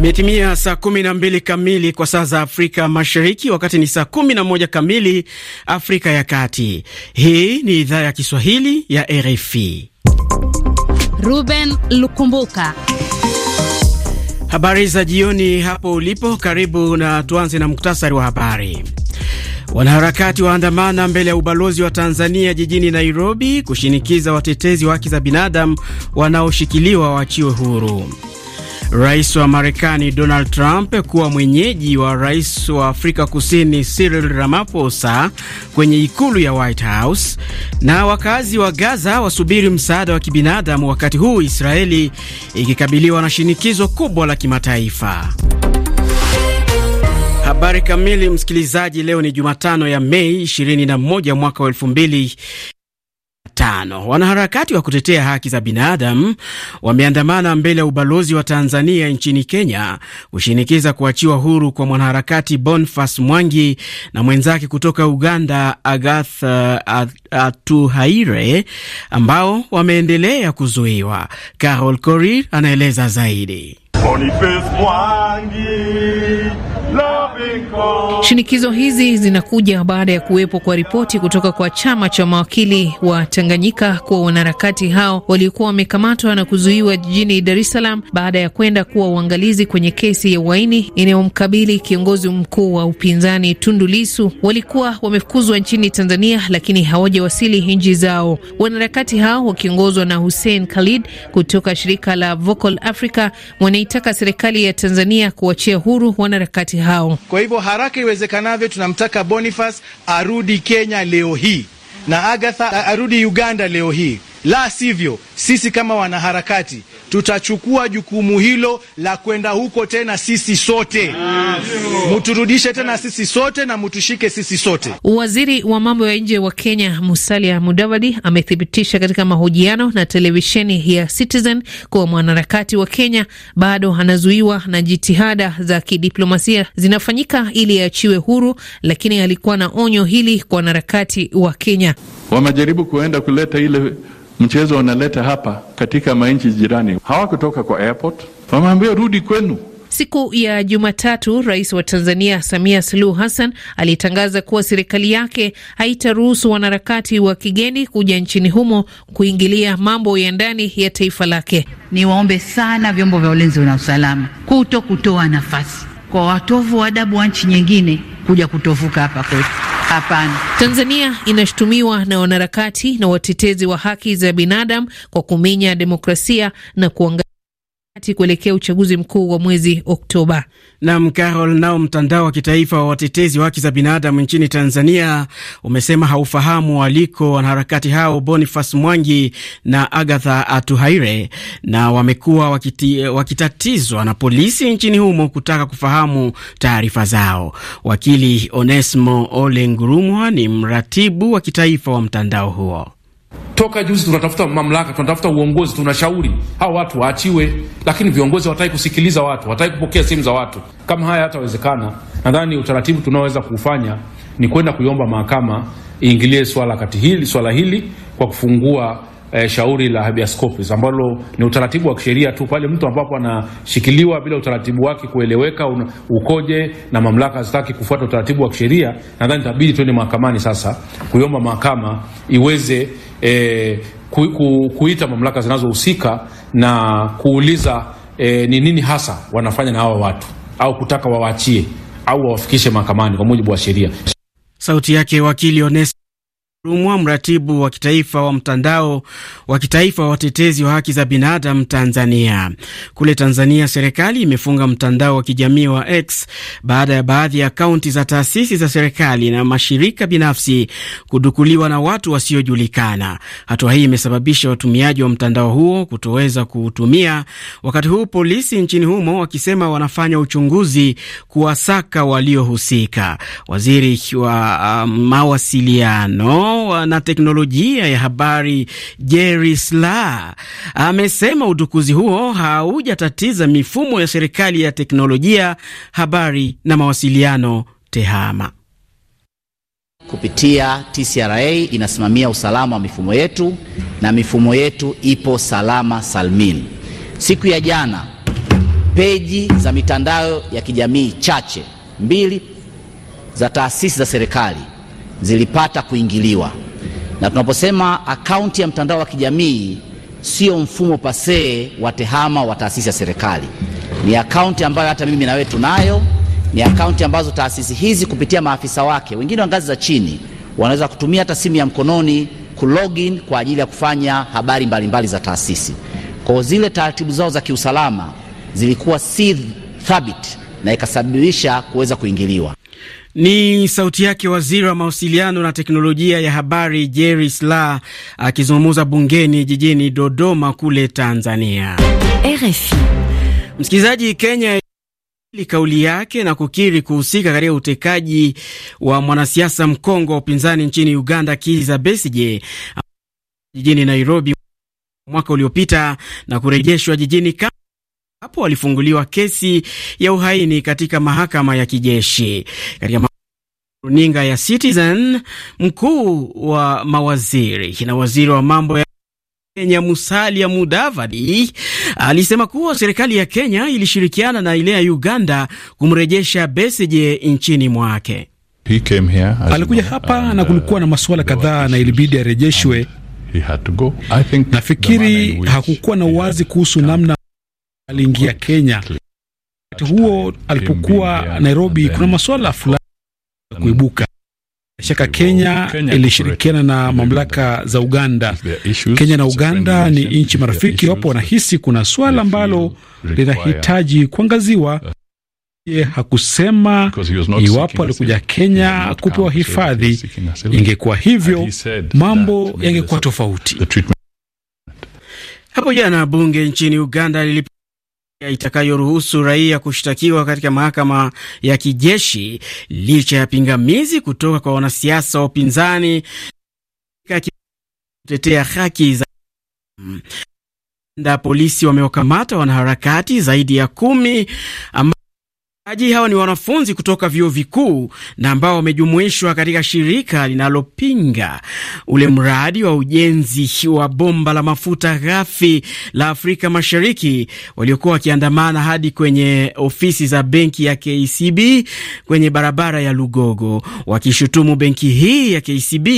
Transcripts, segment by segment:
Imetimia saa 12 kamili kwa saa za Afrika Mashariki, wakati ni saa 11 kamili Afrika ya Kati. Hii ni idhaa ya Kiswahili ya RFI. Ruben Lukumbuka, habari za jioni hapo ulipo. Karibu na tuanze na muktasari wa habari. Wanaharakati waandamana mbele ya ubalozi wa Tanzania jijini Nairobi kushinikiza watetezi wa haki za binadamu wanaoshikiliwa waachiwe huru. Rais wa Marekani Donald Trump kuwa mwenyeji wa rais wa Afrika Kusini Cyril Ramaphosa kwenye ikulu ya White House, na wakazi wa Gaza wasubiri msaada wa kibinadamu, wakati huu Israeli ikikabiliwa na shinikizo kubwa la kimataifa. Habari kamili, msikilizaji. Leo ni Jumatano ya Mei 21 mwaka wa elfu mbili tano. Wanaharakati wa kutetea haki za binadamu wameandamana mbele ya ubalozi wa Tanzania nchini Kenya kushinikiza kuachiwa huru kwa mwanaharakati Bonfas Mwangi na mwenzake kutoka Uganda agath uh, Atuhaire ambao wameendelea kuzuiwa. Carol Korir anaeleza zaidi. Boniface Mwangi Shinikizo hizi zinakuja baada ya kuwepo kwa ripoti kutoka kwa chama cha mawakili wa Tanganyika kuwa wanaharakati hao waliokuwa wamekamatwa na kuzuiwa jijini Dar es Salaam baada ya kwenda kuwa uangalizi kwenye kesi ya uhaini inayomkabili kiongozi mkuu wa upinzani Tundu Lisu walikuwa wamefukuzwa nchini Tanzania, lakini hawajawasili nchi zao. Wanaharakati hao wakiongozwa na Hussein Khalid kutoka shirika la Vocal Africa wanaitaka serikali ya Tanzania kuwachia huru wanaharakati hao. Kwa hivyo haraka iwezekanavyo tunamtaka Boniface arudi Kenya leo hii na Agatha arudi Uganda leo hii. La sivyo sisi kama wanaharakati tutachukua jukumu hilo la kwenda huko tena sisi sote, muturudishe tena sisi sote na mutushike sisi sote. Waziri wa mambo ya nje wa Kenya Musalia Mudavadi amethibitisha katika mahojiano na televisheni ya Citizen kuwa mwanaharakati wa Kenya bado anazuiwa na jitihada za kidiplomasia zinafanyika ili aachiwe huru, lakini alikuwa na onyo hili kwa wanaharakati wa Kenya. Wamejaribu kuenda kuleta ile mchezo wanaleta hapa katika manchi jirani, hawakutoka kwa airport, wameambia rudi kwenu. Siku ya Jumatatu, rais wa Tanzania Samia Suluhu Hassan alitangaza kuwa serikali yake haitaruhusu wanaharakati wa kigeni kuja nchini humo kuingilia mambo ya ndani ya taifa lake. Niwaombe sana vyombo vya ulinzi na usalama kuto kutoa nafasi kwa watovu wa adabu wa nchi nyingine kuja kutovuka hapa kwetu. Hapana. Tanzania inashutumiwa na wanaharakati na watetezi wa haki za binadamu kwa kuminya demokrasia na kuanga kuelekea uchaguzi mkuu wa mwezi Oktoba. Nam Carol. Nao mtandao wa kitaifa wa watetezi wa haki za binadamu nchini Tanzania umesema haufahamu waliko wanaharakati hao Boniface Mwangi na Agatha Atuhaire, na wamekuwa wakiti, wakitatizwa na polisi nchini humo kutaka kufahamu taarifa zao. Wakili Onesmo Ole Ngurumwa ni mratibu wa kitaifa wa mtandao huo. Toka juzi tunatafuta mamlaka, tunatafuta uongozi, tunashauri hawa watu waachiwe, lakini viongozi hawataki kusikiliza watu, hawataki kupokea simu za watu. Kama haya hatawezekana, nadhani utaratibu tunaoweza kuufanya ni kwenda kuiomba mahakama iingilie swala kati hili swala hili kwa kufungua E, shauri la habeas corpus ambalo ni utaratibu wa kisheria tu pale mtu ambapo anashikiliwa bila utaratibu wake kueleweka un, ukoje na mamlaka zitaki kufuata utaratibu wa kisheria, nadhani itabidi tuende mahakamani sasa kuiomba mahakama iweze e, ku, ku, kuita mamlaka zinazohusika na kuuliza e, ni nini hasa wanafanya na hawa watu au kutaka wawaachie au wawafikishe mahakamani kwa mujibu wa sheria. Sauti yake wakili Onesi. Rumwa, mratibu wa kitaifa wa mtandao wa kitaifa wa watetezi wa haki za binadamu Tanzania. Kule Tanzania, serikali imefunga mtandao wa kijamii wa X baada ya baadhi ya akaunti za taasisi za serikali na mashirika binafsi kudukuliwa na watu wasiojulikana. Hatua hii imesababisha watumiaji wa mtandao huo kutoweza kuutumia, wakati huu polisi nchini humo wakisema wanafanya uchunguzi kuwasaka waliohusika. Waziri wa uh, mawasiliano mahusiano uh, na teknolojia ya habari Jerry Sla amesema udukuzi huo haujatatiza mifumo ya serikali ya teknolojia habari na mawasiliano TEHAMA. Kupitia TCRA inasimamia usalama wa mifumo yetu na mifumo yetu ipo salama salmin. Siku ya jana peji za mitandao ya kijamii chache mbili za taasisi za serikali zilipata kuingiliwa. Na tunaposema akaunti ya mtandao wa kijamii, sio mfumo pasee wa tehama wa taasisi ya serikali. Ni akaunti ambayo hata mimi na wewe tunayo, ni akaunti ambazo taasisi hizi kupitia maafisa wake, wengine wa ngazi za chini, wanaweza kutumia hata simu ya mkononi kulogin kwa ajili ya kufanya habari mbalimbali mbali za taasisi. Kwa zile taratibu zao za kiusalama zilikuwa si thabiti na ikasababisha kuweza kuingiliwa. Ni sauti yake waziri wa mawasiliano na teknolojia ya habari Jerry Silaa akizungumza bungeni jijini Dodoma kule Tanzania. RFI. Msikilizaji, Kenya kauli yake na kukiri kuhusika katika utekaji wa mwanasiasa mkongo wa upinzani nchini Uganda Kizza Besigye jijini Nairobi mwaka uliopita na kurejeshwa jijini Kampala hapo walifunguliwa kesi ya uhaini katika mahakama ya kijeshi. Katika runinga ya Citizen, mkuu wa mawaziri na waziri wa mambo ya Kenya Musalia Mudavadi alisema kuwa serikali ya Kenya ilishirikiana na ile ya Uganda kumrejesha Besigye nchini mwake. alikuja hapa uh, na kulikuwa na masuala kadhaa na ilibidi arejeshwe. Nafikiri hakukuwa na uwazi kuhusu namna aliingia Kenya wakati huo alipokuwa Nairobi, kuna masuala fulani ya kuibuka shaka. Kenya ilishirikiana na mamlaka za Uganda. Kenya na Uganda ni nchi marafiki, iwapo wanahisi kuna swala ambalo linahitaji kuangaziwa. Ye hakusema iwapo alikuja Kenya kupewa hifadhi. Ingekuwa hivyo, mambo yangekuwa tofauti. Hapo jana bunge nchini Uganda lilipo itakayoruhusu raia kushtakiwa katika mahakama ya kijeshi licha ya pingamizi kutoka kwa wanasiasa wa upinzani kutetea haki za nda. Polisi wamewakamata wanaharakati zaidi ya kumi amba Aji hawa ni wanafunzi kutoka vyuo vikuu na ambao wamejumuishwa katika shirika linalopinga ule mradi wa ujenzi wa bomba la mafuta ghafi la Afrika Mashariki, waliokuwa wakiandamana hadi kwenye ofisi za benki ya KCB kwenye barabara ya Lugogo, wakishutumu benki hii ya KCB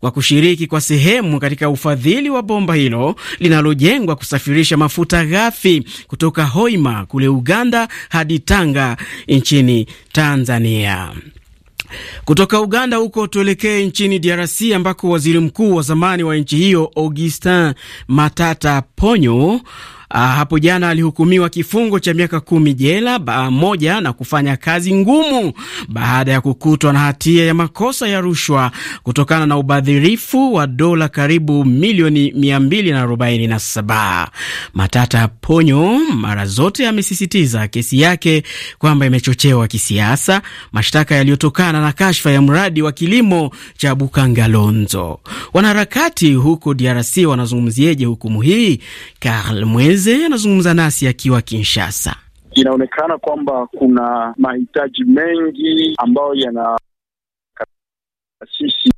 kwa kushiriki kwa sehemu katika ufadhili wa bomba hilo linalojengwa kusafirisha mafuta ghafi kutoka Hoima kule Uganda hadi Tanga nchini Tanzania. Kutoka Uganda huko tuelekee nchini DRC ambako waziri mkuu wa zamani wa nchi hiyo Augustin Matata Ponyo Ah, hapo jana alihukumiwa kifungo cha miaka kumi jela moja na kufanya kazi ngumu baada ya kukutwa na hatia ya makosa ya rushwa kutokana na ubadhirifu wa dola karibu milioni 247. Matata Ponyo mara zote amesisitiza kesi yake kwamba imechochewa kisiasa, mashtaka yaliyotokana na kashfa ya mradi wa kilimo cha Bukangalonzo. Wanaharakati huko DRC wanazungumzieje hukumu hii? Karl Mwezi Mzee anazungumza nasi akiwa Kinshasa. Inaonekana kwamba kuna mahitaji mengi ambayo yana sisi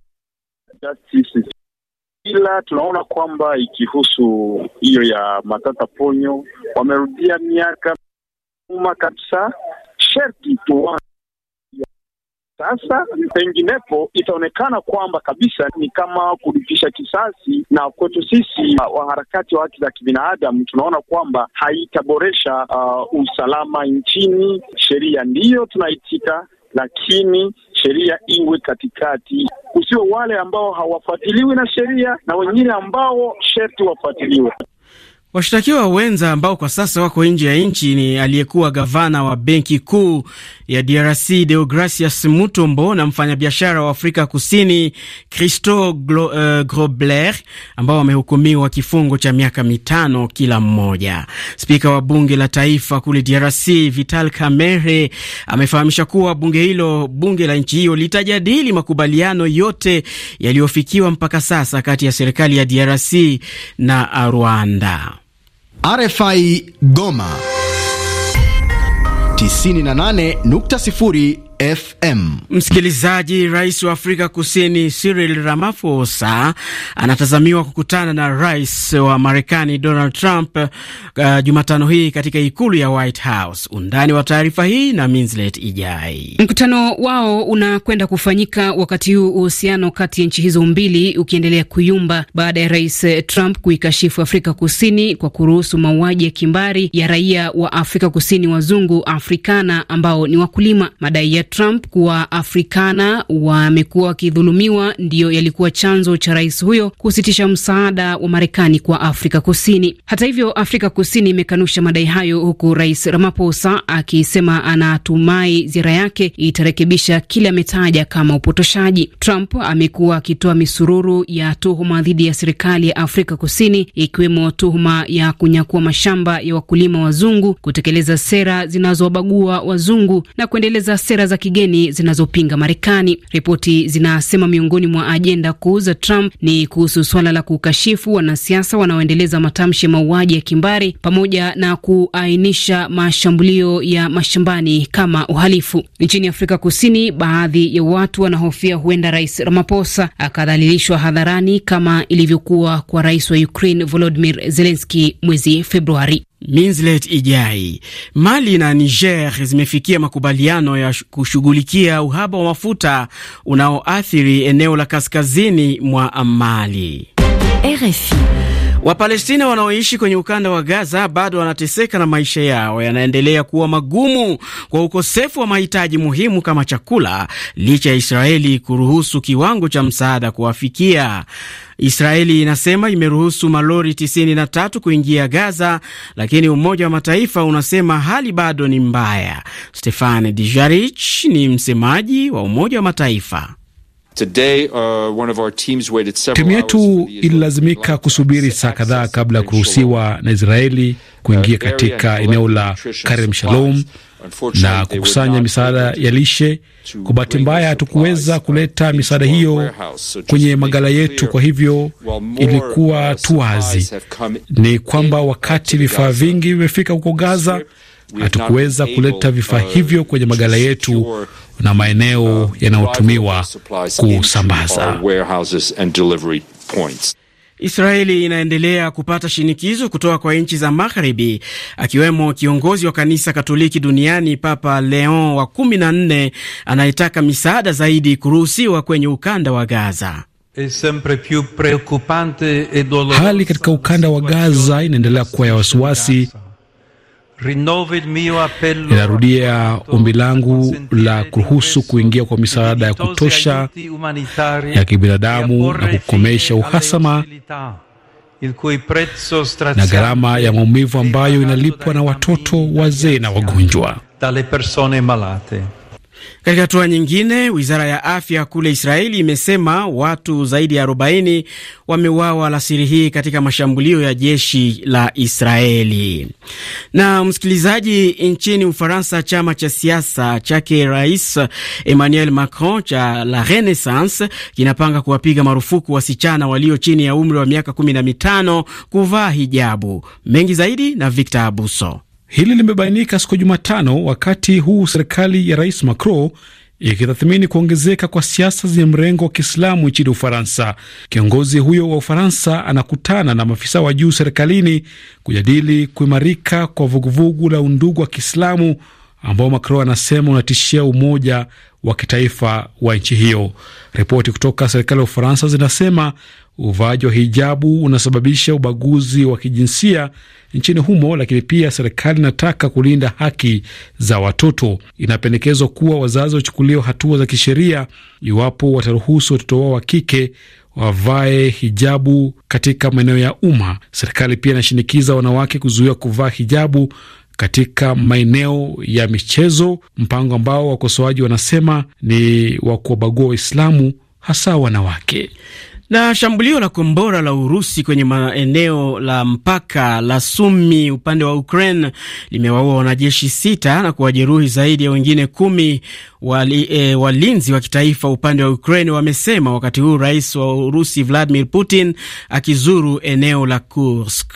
ila tunaona kwamba ikihusu hiyo ya Matata Ponyo wamerudia miaka uma kabisa, sherti tu sasa. Penginepo itaonekana kwamba kabisa ni kama kulipisha kisasi, na kwetu sisi uh, waharakati wa haki za kibinadamu tunaona kwamba haitaboresha uh, usalama nchini. Sheria ndiyo tunaitika, lakini sheria iwe katikati, kusiwe wale ambao hawafuatiliwi na sheria na wengine ambao sherti wafuatiliwe. Washtakiwa wenza ambao kwa sasa wako nje ya nchi ni aliyekuwa gavana wa benki kuu ya DRC Deogracias Mutombo na mfanyabiashara wa Afrika Kusini Christo Glo, uh, Grobler ambao wamehukumiwa kifungo cha miaka mitano kila mmoja. Spika wa bunge la taifa kule DRC Vital Kamerhe amefahamisha kuwa bunge hilo, bunge la nchi hiyo litajadili makubaliano yote yaliyofikiwa mpaka sasa kati ya serikali ya DRC na Rwanda. RFI Goma 98.0 FM. Msikilizaji, rais wa Afrika Kusini Cyril Ramaphosa anatazamiwa kukutana na rais wa Marekani Donald Trump uh, Jumatano hii katika ikulu ya White House. Undani wa taarifa hii na Minslet Ijai. Mkutano wao unakwenda kufanyika wakati huu uhusiano kati ya nchi hizo mbili ukiendelea kuyumba baada ya rais eh, Trump kuikashifu Afrika Kusini kwa kuruhusu mauaji ya kimbari ya raia wa Afrika Kusini wazungu Afrikana ambao ni wakulima, madai yetu Trump kuwa Afrikana wamekuwa wakidhulumiwa ndiyo yalikuwa chanzo cha rais huyo kusitisha msaada wa Marekani kwa Afrika Kusini. Hata hivyo, Afrika Kusini imekanusha madai hayo, huku Rais Ramaphosa akisema anatumai ziara yake itarekebisha kile ametaja kama upotoshaji. Trump amekuwa akitoa misururu ya tuhuma dhidi ya serikali ya Afrika Kusini, ikiwemo tuhuma ya kunyakua mashamba ya wakulima wazungu, kutekeleza sera zinazowabagua wazungu na kuendeleza sera za kigeni zinazopinga Marekani. Ripoti zinasema miongoni mwa ajenda kuu za Trump ni kuhusu swala la kukashifu wanasiasa wanaoendeleza matamshi ya mauaji ya kimbari pamoja na kuainisha mashambulio ya mashambani kama uhalifu. Nchini Afrika Kusini, baadhi ya watu wanahofia huenda Rais Ramaphosa akadhalilishwa hadharani kama ilivyokuwa kwa rais wa Ukraine Volodymyr Zelensky mwezi Februari. Minslet Ijai. Mali na Niger zimefikia makubaliano ya kushughulikia uhaba wa mafuta unaoathiri eneo la kaskazini mwa Mali. RFI. Wapalestina wanaoishi kwenye ukanda wa Gaza bado wanateseka na maisha yao yanaendelea kuwa magumu kwa ukosefu wa mahitaji muhimu kama chakula, licha ya Israeli kuruhusu kiwango cha msaada kuwafikia. Israeli inasema imeruhusu malori 93 kuingia Gaza, lakini Umoja wa Mataifa unasema hali bado ni mbaya. Stefan Dijarich ni msemaji wa Umoja wa Mataifa. Uh, Timu yetu ililazimika kusubiri saa kadhaa kabla ya kuruhusiwa na Israeli uh, kuingia katika eneo la Karem Shalom na kukusanya misaada ya lishe. Kwa bahati mbaya, hatukuweza uh, kuleta misaada hiyo kwenye magala yetu, kwa hivyo ilikuwa tu wazi ni kwamba wakati vifaa vingi vimefika huko Gaza, hatukuweza kuleta vifaa hivyo kwenye magala yetu na maeneo uh, yanayotumiwa kusambaza. Israeli inaendelea kupata shinikizo kutoka kwa nchi za Magharibi, akiwemo kiongozi wa kanisa Katoliki duniani Papa Leon wa 14 anayetaka misaada zaidi kuruhusiwa kwenye ukanda wa Gaza. E Hali katika ukanda wa Gaza inaendelea kuwa ya wasiwasi Inarudia ombi langu la kuruhusu kuingia kwa misaada ya kutosha ya kibinadamu na kukomesha uhasama na gharama ya maumivu ambayo inalipwa na watoto, wazee na wagonjwa. Katika hatua nyingine, wizara ya afya kule Israeli imesema watu zaidi ya 40 wameuawa alasiri hii katika mashambulio ya jeshi la Israeli. Na msikilizaji, nchini Ufaransa, chama cha siasa chake Rais Emmanuel Macron cha La Renaissance kinapanga kuwapiga marufuku wasichana walio chini ya umri wa miaka 15 kuvaa hijabu. Mengi zaidi na Victor Abuso. Hili limebainika siku ya Jumatano, wakati huu serikali ya Rais Macron ikitathmini kuongezeka kwa siasa zenye mrengo wa Kiislamu nchini Ufaransa. Kiongozi huyo wa Ufaransa anakutana na maafisa wa juu serikalini kujadili kuimarika kwa vuguvugu la undugu wa Kiislamu ambao Macron anasema unatishia umoja wa kitaifa wa nchi hiyo. Ripoti kutoka serikali ya Ufaransa zinasema Uvaaji wa hijabu unasababisha ubaguzi wa kijinsia nchini humo, lakini pia serikali inataka kulinda haki za watoto. Inapendekezwa kuwa wazazi wachukuliwe hatua za kisheria iwapo wataruhusu watoto wao wa kike wavae hijabu katika maeneo ya umma. Serikali pia inashinikiza wanawake kuzuia kuvaa hijabu katika maeneo ya michezo, mpango ambao wakosoaji wanasema ni wa kuwabagua Waislamu, hasa wanawake. Na shambulio la kombora la Urusi kwenye maeneo la mpaka la Sumi upande wa Ukraine limewaua wanajeshi sita na kuwajeruhi zaidi ya wengine kumi. Wali, e, walinzi wa kitaifa upande wa Ukraine wamesema wakati huu rais wa Urusi Vladimir Putin akizuru eneo la Kursk.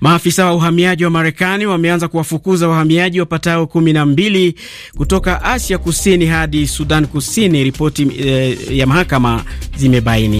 Maafisa wa uhamiaji wa Marekani wameanza kuwafukuza wahamiaji wapatao kumi na mbili kutoka Asia Kusini hadi Sudan Kusini, ripoti e, ya mahakama zimebaini.